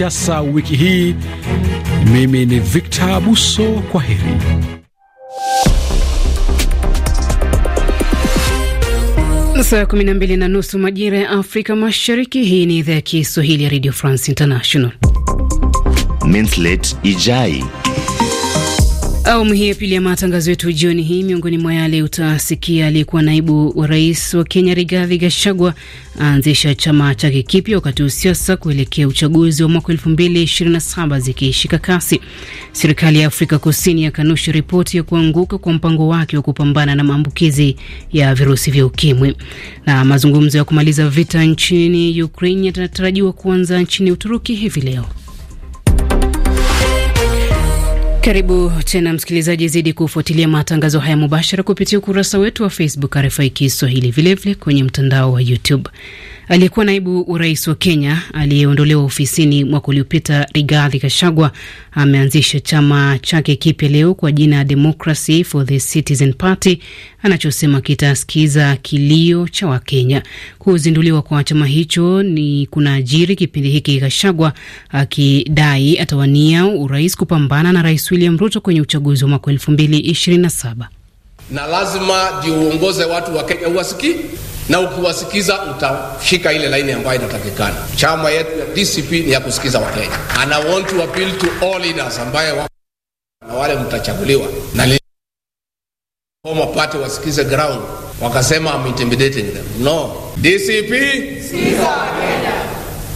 siasa wiki hii. Mimi ni Victor Abuso, kwa heri. Saa kumi na mbili na nusu majira ya Afrika Mashariki. Hii ni idhaa ya Kiswahili ya Radio France International. Ijai Awamu hii ya pili ya matangazo yetu jioni hii, miongoni mwa yale utasikia, aliyekuwa naibu wa rais wa Kenya Rigathi Gachagua aanzisha chama chake kipya, wakati wa siasa kuelekea uchaguzi wa mwaka saba zikiishika kasi. Serikali ya Afrika Kusini yakanusha ripoti ya kuanguka kwa mpango wake wa kupambana na maambukizi ya virusi vya ukimwi. Na mazungumzo ya kumaliza vita nchini Ukraine yanatarajiwa kuanza nchini Uturuki hivi leo. Karibu tena msikilizaji, zidi kufuatilia matangazo haya mubashara kupitia ukurasa wetu wa Facebook RFI Kiswahili, vilevile kwenye mtandao wa YouTube. Aliyekuwa naibu rais wa Kenya aliyeondolewa ofisini mwaka uliopita Rigathi Gachagua ameanzisha chama chake kipya leo kwa jina Democracy for the Citizen Party anachosema kitasikiza kilio cha Wakenya. Kuzinduliwa kwa chama hicho ni kuna ajiri kipindi hiki Gachagua akidai atawania urais kupambana na Rais William Ruto kwenye uchaguzi wa mwaka elfu mbili ishirini na saba na lazima ndio uongoze watu wa Kenya uwasikii na ukiwasikiza utashika ile laini ambayo inatakikana. Chama yetu ya DCP ni ya kusikiza Wakenya, and I want to appeal to all leaders ambaye wa na wale mtachaguliwa na former party wasikize ground, wakasema I'm intimidating them. No, DCP sikiza Wakenya,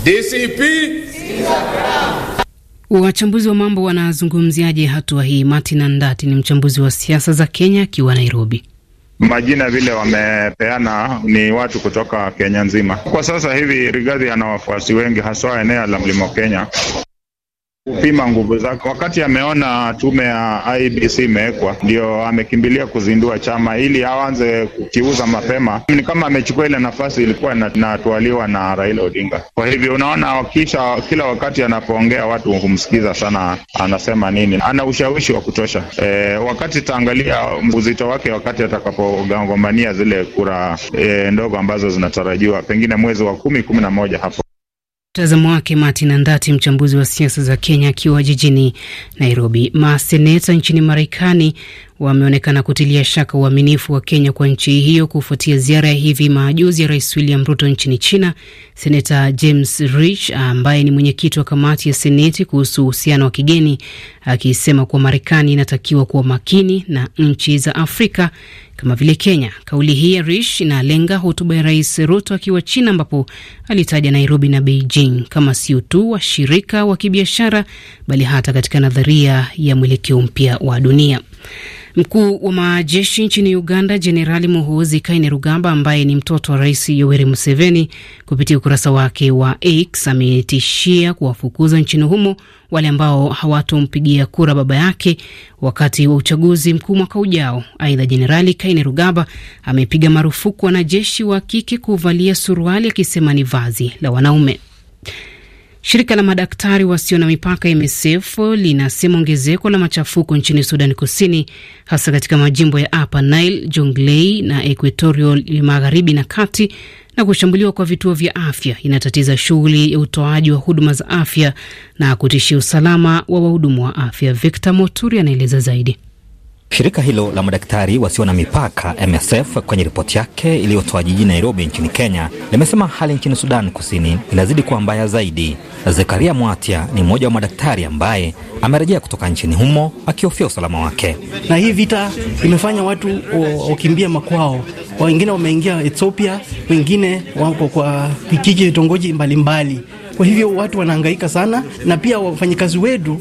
DCP sikiza ground. Wachambuzi wa mambo wanazungumziaje hatua hii? Martin Andati ni mchambuzi wa siasa za Kenya akiwa Nairobi. Majina vile wamepeana ni watu kutoka Kenya nzima. Kwa sasa hivi Rigathi ana wafuasi wengi, haswa eneo la Mlima Kenya kupima nguvu zake. Wakati ameona tume ya IBC imewekwa, ndio amekimbilia kuzindua chama ili aanze kukiuza mapema. Ni kama amechukua ile nafasi ilikuwa inatwaliwa na, Raila Odinga. Kwa hivyo unaona, kisha kila wakati anapoongea watu humsikiza sana, anasema nini, ana ushawishi wa kutosha. E, wakati taangalia uzito wake wakati atakapogombania zile kura e, ndogo ambazo zinatarajiwa pengine mwezi wa kumi, kumi na moja hapo. Mtazamo wake Martin Andati, mchambuzi wa siasa za Kenya, akiwa jijini Nairobi. Maseneta nchini Marekani wameonekana kutilia shaka uaminifu wa Kenya kwa nchi hiyo kufuatia ziara ya hivi majuzi ya Rais William Ruto nchini China. Senata James Rich ambaye ni mwenyekiti wa kamati ya Seneti kuhusu uhusiano wa kigeni akisema kuwa Marekani inatakiwa kuwa makini na nchi za Afrika kama vile Kenya. Kauli hii ya Rish inalenga hotuba ya Rais Ruto akiwa China, ambapo alitaja Nairobi na Beijing kama sio tu washirika wa kibiashara, bali hata katika nadharia ya mwelekeo mpya wa dunia. Mkuu wa majeshi nchini Uganda Jenerali Muhoozi Kainerugamba, ambaye ni mtoto wa Rais Yoweri Museveni, kupitia ukurasa wake wa X ametishia kuwafukuza nchini humo wale ambao hawatompigia kura baba yake wakati wa uchaguzi mkuu mwaka ujao. Aidha, Jenerali Kainerugamba amepiga marufuku wanajeshi wa kike kuvalia suruali, akisema ni vazi la wanaume. Shirika la madaktari wasio na mipaka MSF linasema ongezeko la machafuko nchini Sudan Kusini, hasa katika majimbo ya Upper Nile, Jonglei na Equatorial Magharibi na Kati, na kushambuliwa kwa vituo vya afya inatatiza shughuli ya utoaji wa huduma za afya na kutishia usalama wa wahudumu wa afya. Victor Moturi anaeleza zaidi. Shirika hilo la madaktari wasio na mipaka MSF kwenye ripoti yake iliyotoa jijini Nairobi nchini Kenya limesema hali nchini Sudan Kusini inazidi kuwa mbaya zaidi. Zekaria Mwatia ni mmoja wa madaktari ambaye amerejea kutoka nchini humo akihofia usalama wake. Na hii vita imefanya watu wakimbia makwao, wengine wameingia Ethiopia, wengine wako kwa vijiji, vitongoji mbalimbali mbali. Kwa hivyo watu wanahangaika sana, na pia wafanyikazi wetu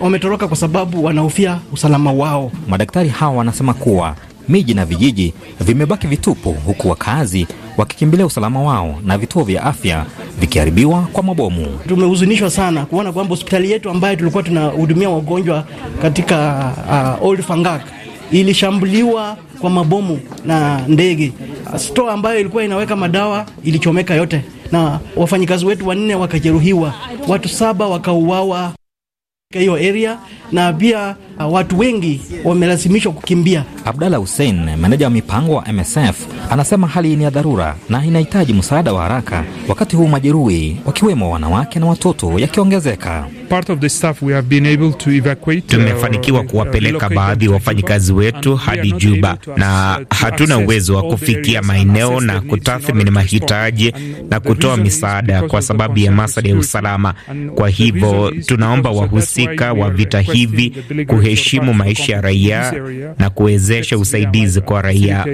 wametoroka kwa sababu wanahofia usalama wao. Madaktari hawa wanasema kuwa miji na vijiji vimebaki vitupu, huku wakazi wakikimbilia usalama wao na vituo vya afya vikiharibiwa kwa mabomu. Tumehuzunishwa sana kuona kwamba hospitali yetu ambayo tulikuwa tunahudumia wagonjwa katika uh, Old Fangak ilishambuliwa kwa mabomu na ndege. Store ambayo ilikuwa inaweka madawa ilichomeka yote na wafanyikazi wetu wanne wakajeruhiwa, watu saba wakauawa hiyo area na pia uh, watu wengi wamelazimishwa kukimbia. Abdalla Hussein, meneja wa mipango wa MSF, anasema hali ni ya dharura na inahitaji msaada wa haraka, wakati huu majeruhi wakiwemo wanawake na watoto yakiongezeka. Uh, Tumefanikiwa uh, kuwapeleka baadhi ya wafanyikazi wetu hadi Juba na hatuna uwezo wa kufikia maeneo na kutathmini mahitaji na kutoa misaada kwa sababu ya masuala ya usalama. Kwa hivyo tunaomba wahusika wa vita hivi kuheshimu maisha ya raia na kuwezesha usaidizi kwa raia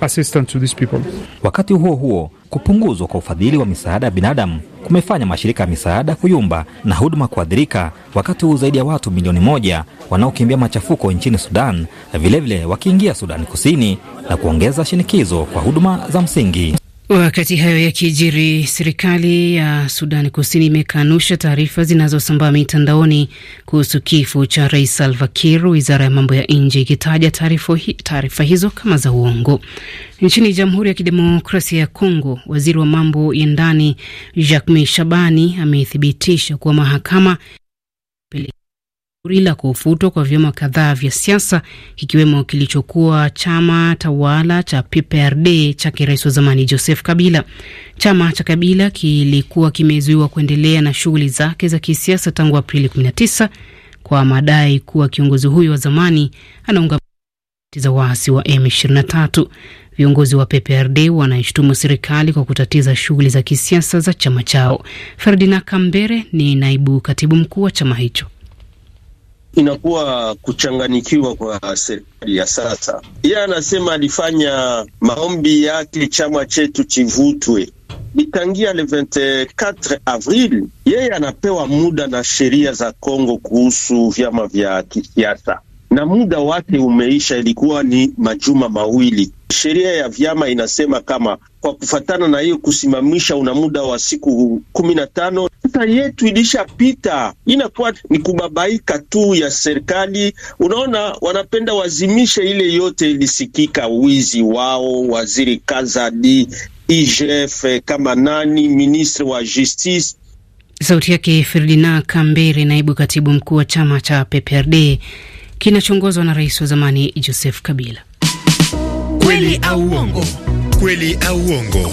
assistance to these people. Wakati huo huo, kupunguzwa kwa ufadhili wa misaada ya binadamu kumefanya mashirika ya misaada kuyumba na huduma kuadhirika, wakati huu zaidi ya watu milioni moja wanaokimbia machafuko nchini Sudan, vilevile wakiingia sudani Kusini na kuongeza shinikizo kwa huduma za msingi. Wakati hayo yakijiri, serikali ya Sudan Kusini imekanusha taarifa zinazosambaa mitandaoni kuhusu kifo cha rais Salva Kiir, wizara ya mambo ya nje ikitaja taarifa hizo kama za uongo. Nchini Jamhuri ya Kidemokrasia ya Kongo, waziri wa mambo ya ndani jacme Shabani amethibitisha kuwa mahakama shauri la kufutwa kwa vyama kadhaa vya siasa kikiwemo kilichokuwa chama tawala cha PPRD cha rais wa zamani Joseph Kabila. Chama cha Kabila kilikuwa kimezuiwa kuendelea na shughuli zake za kisiasa tangu Aprili 19 kwa madai kuwa kiongozi huyo wa zamani anaunga za waasi wa M23. Viongozi wa PPRD wanaishtumu serikali kwa kutatiza shughuli za kisiasa za chama chao. Ferdinand Kambere ni naibu katibu mkuu wa chama hicho inakuwa kuchanganikiwa kwa serikali ya sasa. Yeye anasema alifanya maombi yake chama chetu chivutwe ni le 24 avril, yeye anapewa muda na sheria za Kongo kuhusu vyama vya kisiasa na muda wake umeisha. Ilikuwa ni majuma mawili. Sheria ya vyama inasema kama kwa kufatana na hiyo kusimamisha, una muda wa siku kumi na tano miaka yetu ilishapita, inakuwa ni kubabaika tu ya serikali. Unaona, wanapenda wazimishe ile yote ilisikika, wizi wao, waziri Kazadi, IGF kama nani, ministre wa justice Sauti yake Ferdinand Kambere, naibu katibu mkuu wa chama cha PPRD kinachoongozwa na rais wa zamani Joseph Kabila. Kweli au uongo? Kweli au uongo?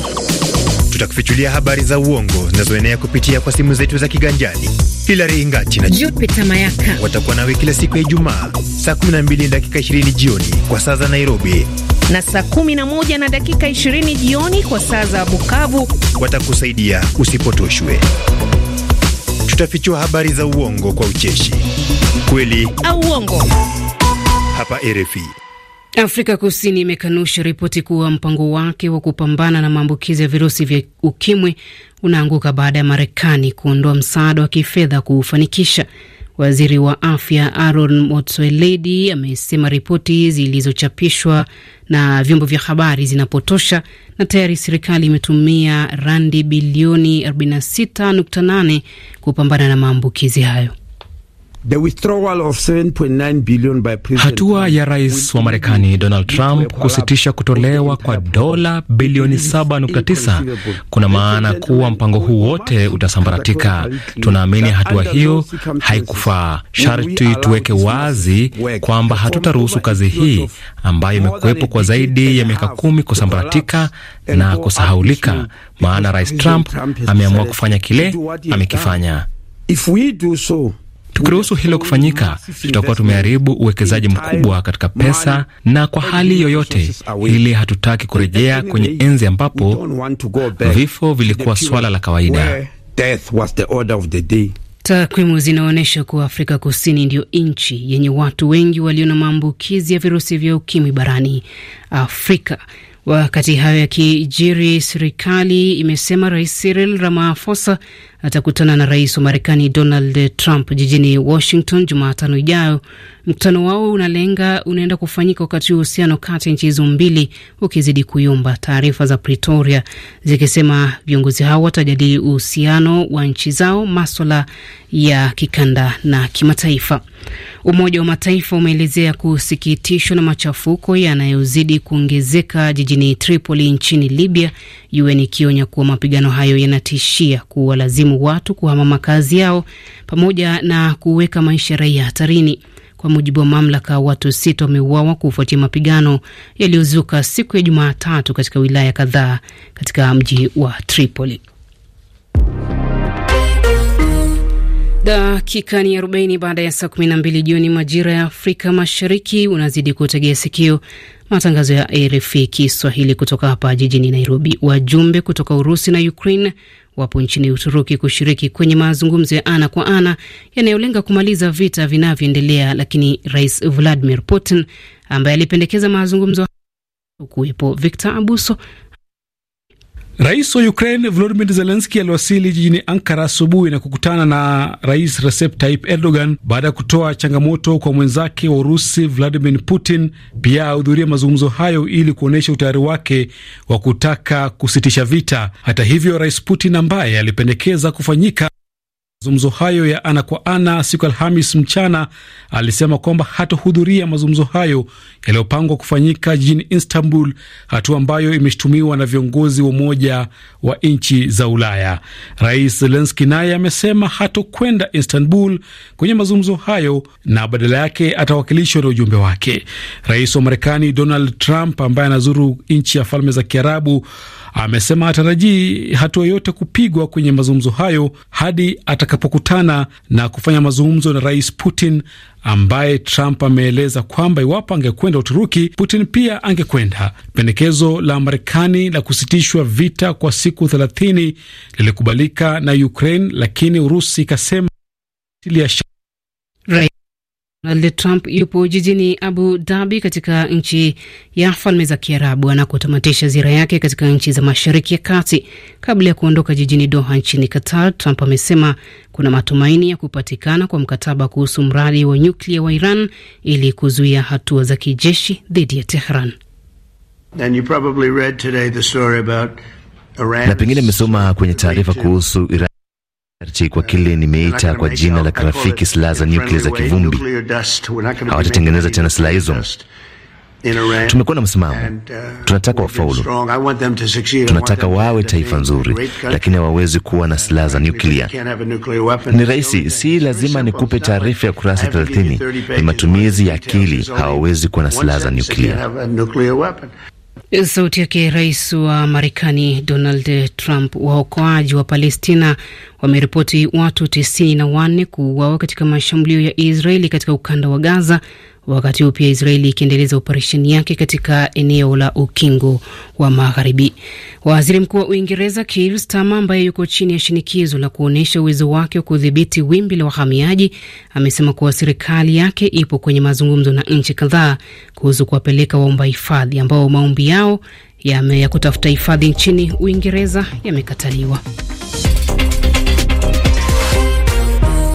tutakufichulia habari za uongo zinazoenea kupitia kwa simu zetu za kiganjani. Hilary Ingati na Jupita Mayaka watakuwa nawe kila siku ya Ijumaa saa 12 dakika 20 jioni kwa saa za Nairobi na saa 11 na dakika 20 jioni kwa saa za Bukavu. Watakusaidia usipotoshwe. Tutafichua habari za uongo kwa ucheshi, kweli au uongo, hapa RFI. Afrika Kusini imekanusha ripoti kuwa mpango wake wa kupambana na maambukizi ya virusi vya ukimwi unaanguka baada ya Marekani kuondoa msaada wa kifedha kuufanikisha. Waziri wa afya Aaron Motsoaledi amesema ripoti zilizochapishwa na vyombo vya habari zinapotosha na tayari serikali imetumia randi bilioni 46.8 kupambana na maambukizi hayo hatua ya rais wa Marekani Donald Trump kusitisha kutolewa kwa dola bilioni 7.9 kuna maana kuwa mpango huu wote utasambaratika. Tunaamini hatua hiyo haikufaa. Sharti tuweke wazi kwamba hatutaruhusu kazi hii ambayo imekuwepo kwa zaidi ya miaka kumi kusambaratika na kusahaulika, maana rais Trump ameamua kufanya kile amekifanya. If we do so, Tukiruhusu hilo kufanyika, tutakuwa tumeharibu uwekezaji mkubwa katika pesa, na kwa hali yoyote ile hatutaki kurejea kwenye enzi ambapo vifo vilikuwa swala la kawaida. Takwimu zinaonyesha kuwa Afrika Kusini ndiyo nchi yenye watu wengi walio na maambukizi ya virusi vya ukimwi barani Afrika. Wakati hayo yakijiri, serikali imesema Rais Cyril Ramaphosa atakutana na rais wa Marekani Donald Trump jijini Washington Jumatano ijayo. Mkutano wao unalenga unaenda kufanyika wakati uhusiano kati ya nchi hizo mbili ukizidi kuyumba, taarifa za Pretoria zikisema viongozi hao watajadili uhusiano wa nchi zao, maswala ya kikanda na kimataifa. Umoja wa Mataifa umeelezea kusikitishwa na machafuko yanayozidi kuongezeka jijini Tripoli nchini Libya, UN ikionya kuwa mapigano hayo yanatishia kuwalazimu kuwalazimu watu kuhama makazi yao pamoja na kuweka maisha raia hatarini. Kwa mujibu wa mamlaka, watu sita wameuawa kufuatia mapigano yaliyozuka siku ya Jumatatu katika wilaya kadhaa katika mji wa Tripoli. Dakika ni arobaini baada ya saa kumi na mbili jioni majira ya Afrika Mashariki. Unazidi kutegea sikio matangazo ya RFI Kiswahili kutoka hapa jijini Nairobi. Wajumbe kutoka Urusi na Ukraine wapo nchini Uturuki kushiriki kwenye mazungumzo ya ana kwa ana yanayolenga kumaliza vita vinavyoendelea, lakini Rais Vladimir Putin ambaye alipendekeza mazungumzo kuwepo. Victor Abuso Rais wa Ukraine Volodymyr Zelensky aliwasili jijini Ankara asubuhi na kukutana na Rais Recep Tayyip Erdogan baada ya kutoa changamoto kwa mwenzake wa Urusi Vladimir Putin. Pia ahudhuria mazungumzo hayo ili kuonyesha utayari wake wa kutaka kusitisha vita. Hata hivyo, Rais Putin ambaye alipendekeza kufanyika mazungumzo hayo ya ana kwa ana siku Alhamis mchana alisema kwamba hatohudhuria mazungumzo hayo yaliyopangwa kufanyika jijini Istanbul, hatua ambayo imeshutumiwa na viongozi wa Umoja wa Nchi za Ulaya. Rais Zelenski naye amesema hatokwenda Istanbul kwenye mazungumzo hayo na badala yake atawakilishwa na ujumbe wake. Rais wa Marekani Donald Trump ambaye anazuru nchi ya Falme za Kiarabu amesema atarajii hatua yoyote kupigwa kwenye mazungumzo hayo hadi atakapokutana na kufanya mazungumzo na Rais Putin ambaye Trump ameeleza kwamba iwapo angekwenda Uturuki, Putin pia angekwenda. Pendekezo la Marekani la kusitishwa vita kwa siku thelathini lilikubalika na Ukraine, lakini Urusi ikasema right. Donald Trump yupo jijini Abu Dhabi katika nchi ya Falme za Kiarabu anakotamatisha ziara yake katika nchi za Mashariki ya Kati kabla ya kuondoka jijini Doha nchini Qatar. Trump amesema kuna matumaini ya kupatikana kwa mkataba kuhusu mradi wa nyuklia wa Iran ili kuzuia hatua za kijeshi dhidi ya Tehran. Na pengine amesoma kwenye taarifa kuhusu Iran kwa kile nimeita kwa jina la kirafiki silaha za nyuklia za kivumbi. Hawatatengeneza tena silaha hizo. Tumekuwa na msimamo, tunataka wafaulu, tunataka wawe taifa nzuri, lakini hawawezi kuwa na silaha za nyuklia. Ni rahisi, si lazima nikupe taarifa ya kurasa 30. Ni matumizi ya akili, hawawezi kuwa na silaha za nyuklia. Sauti yake rais wa Marekani Donald Trump. Waokoaji wa Palestina wameripoti watu tisini na wanne kuuawa katika mashambulio ya Israeli katika ukanda wa Gaza wakati huu pia Israeli ikiendeleza operesheni yake katika eneo la ukingo wa Magharibi. Waziri Mkuu wa Uingereza Keir Starmer, ambaye yuko chini ya shinikizo la kuonyesha uwezo wake wa kudhibiti wimbi la wahamiaji, amesema kuwa serikali yake ipo kwenye mazungumzo na nchi kadhaa kuhusu kuwapeleka waomba hifadhi ambao maombi yao ya, ya kutafuta hifadhi nchini Uingereza yamekataliwa.